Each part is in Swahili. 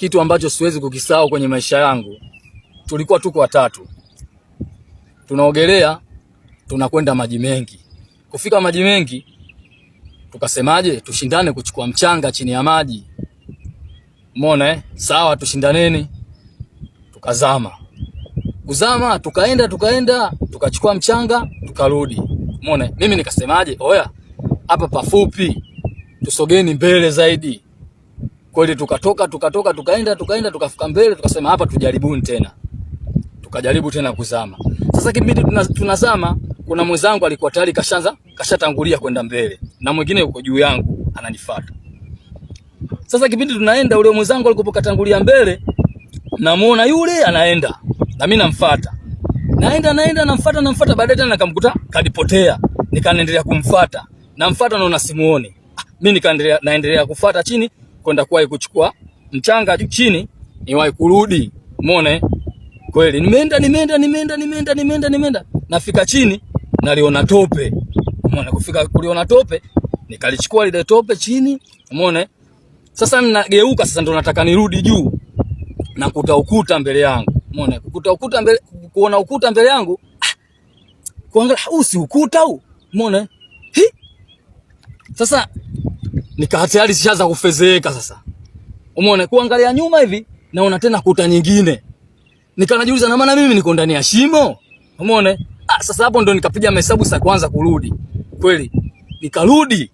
kitu ambacho siwezi kukisahau kwenye maisha yangu. Tulikuwa tuko watatu, tunaogelea, tunakwenda maji mengi. Kufika maji mengi, tukasemaje, tushindane kuchukua mchanga chini ya maji. Umeona eh? Sawa, tushindaneni. Tukazama, kuzama, tukaenda tukaenda, tukachukua mchanga, tukarudi. Umeona, eh? mimi nikasemaje, oya, hapa pafupi, tusogeni mbele zaidi Kweli tukatoka tukatoka tukaenda tukaenda tukafika mbele tukasema hapa tujaribuni tena. Tukajaribu tena kuzama. Sasa kipindi tunazama kuna mwenzangu alikuwa tayari kashanza kashatangulia kwenda mbele na mwingine yuko juu yangu ananifuata. Sasa kipindi tunaenda ule mwenzangu alikuwa katangulia mbele namuona yule anaenda na mimi namfuata. Naenda naenda namfuata namfuata baadaye tena nikamkuta kadipotea. Nikaendelea kumfuata. Namfuata naona simuoni. Ah, mimi nikaendelea naendelea kufuata chini kwenda kuwahi kuchukua mchanga chini, niwahi kurudi. Umeona kweli, nimeenda nimeenda nimeenda nimeenda nimeenda nimeenda, nafika chini naliona tope. Umeona kufika kuliona tope, nikalichukua lile tope chini. Umeona sasa, ninageuka sasa, ndo nataka nirudi juu, nakuta ukuta mbele yangu. Umeona kukuta ukuta mbele, kuona ukuta mbele yangu, ah! kuangalia, huu si ukuta huu? Umeona hii sasa nikaa tayari sishaanza kufezeeka sasa. Umeona kuangalia nyuma hivi naona tena kuta nyingine. Nikanajiuliza na maana mimi niko ndani ya shimo. Umeona? Ah, sasa hapo ndo nikapiga mahesabu sasa kwanza kurudi. Kweli. Nikarudi.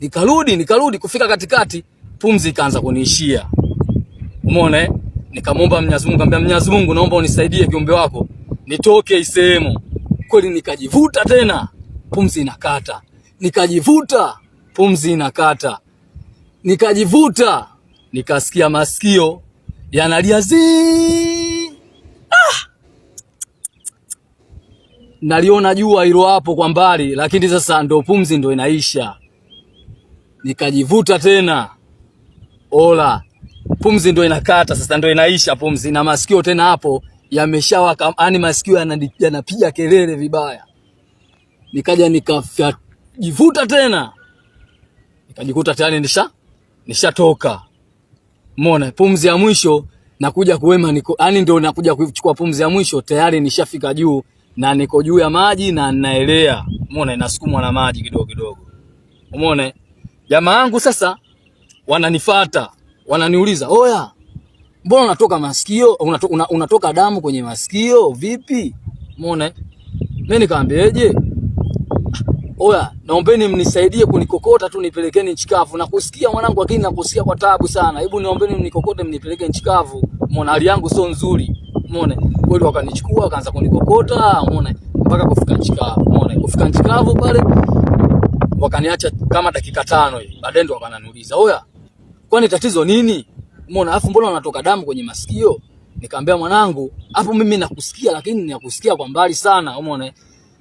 Nikarudi, nikarudi kufika katikati pumzi ikaanza kuniishia. Umeona? Eh? Nikamwomba Mwenyezi Mungu, nikamwambia Mwenyezi Mungu naomba unisaidie kiumbe wako nitoke isehemu. Kweli nikajivuta tena pumzi inakata. Nikajivuta pumzi inakata, nikajivuta, nikasikia masikio yanalia zii. Ah! naliona jua hilo hapo kwa mbali, lakini sasa ndo pumzi ndo inaisha. Nikajivuta tena, ola, pumzi ndo inakata sasa, ndo inaisha pumzi, na masikio tena hapo yameshawaka, yani masikio yanapiga kelele vibaya. Nikaja nikajivuta tena kajikuta tayari nisha nishatoka. Umeona, pumzi ya mwisho nakuja kuwema niko, yani ndio nakuja kuchukua pumzi ya mwisho, tayari nishafika juu na niko juu ya maji na naelea Umeona, inasukumwa na maji kidogo kidogo. Umeona, jamaa yangu sasa wananifata wananiuliza oya, mbona unatoka masikio unatoka, unatoka damu kwenye masikio vipi? Umeona, mimi nikaambieje Oya, naombeni mnisaidie kunikokota tu nipelekeni nchi kavu. Nakusikia mwanangu, lakini nakusikia kwa taabu sana. Hebu niombeni mnikokote mnipeleke nchi kavu. Muone hali yangu sio nzuri. Muone. Kweli wakanichukua wakaanza kunikokota, muone mpaka kufika nchi kavu. Muone kufika nchi kavu pale wakaniacha kama dakika tano hivi. Baadaye ndo wakananiuliza, "Oya, kwani tatizo nini?" Muone afu mbona unatoka damu kwenye masikio? Nikamwambia mwanangu, hapo mimi nakusikia lakini nakusikia kwa mbali sana. Umeona?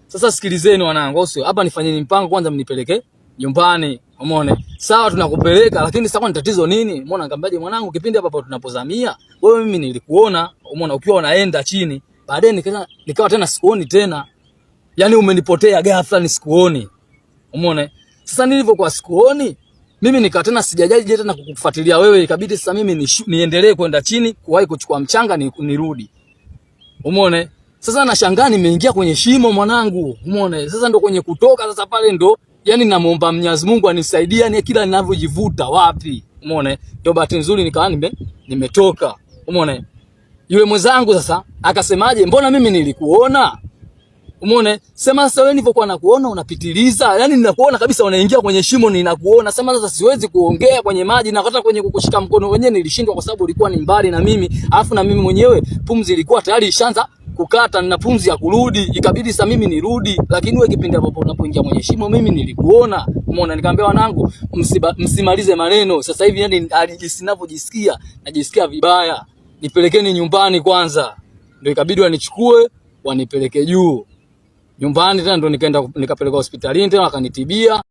Sasa sikilizeni wanangu, sio hapa, nifanyeni mpango kwanza, mnipeleke nyumbani. umeone. Sawa, tunakupeleka lakini sasa, kwani tatizo nini? Umeona, ngambaje mwanangu, kipindi hapa hapa tunapozamia wewe, mimi nilikuona, umeona, ukiwa unaenda chini, baadaye nikaa nikawa tena sikuoni tena, Yaani umenipotea ghafla, ni sikuoni. Umeona? Sasa nilivyokuwa sikuoni mimi nikawa tena sijajaji tena kukufuatilia wewe, ikabidi sasa mimi niendelee kwenda chini kuwahi kuchukua mchanga nirudi. Umeone? Sasa nashangaa nimeingia kwenye shimo mwanangu. Umeona? Sasa ndo kwenye kutoka sasa pale ndo yani namuomba Mwenyezi Mungu anisaidie yani kila ninavyojivuta wapi. Umeona? Ndio bahati nzuri nikawa nime nimetoka. Umeona? Yule mwenzangu sasa akasemaje, mbona mimi nilikuona? Umeona? Sema sasa wewe nilivyokuwa nakuona unapitiliza. Yaani ninakuona kabisa unaingia kwenye shimo ninakuona. Sema sasa siwezi kuongea kwenye maji na hata kwenye kukushika mkono wenyewe nilishindwa kwa sababu ulikuwa ni mbali na mimi. Alafu na mimi mwenyewe pumzi ilikuwa tayari ishaanza kukata na pumzi ya kurudi, ikabidi sasa mimi nirudi. Lakini wewe kipindi hapo unapoingia mwenye shimo, mimi nilikuona, umeona, nikamwambia wanangu, msimalize maneno sasa hivi. Yani ninavyojisikia najisikia vibaya, nipelekeni nyumbani kwanza. Ndio ikabidi wanichukue wanipeleke juu nyumbani, tena ndio nikaenda nikapeleka hospitalini tena wakanitibia.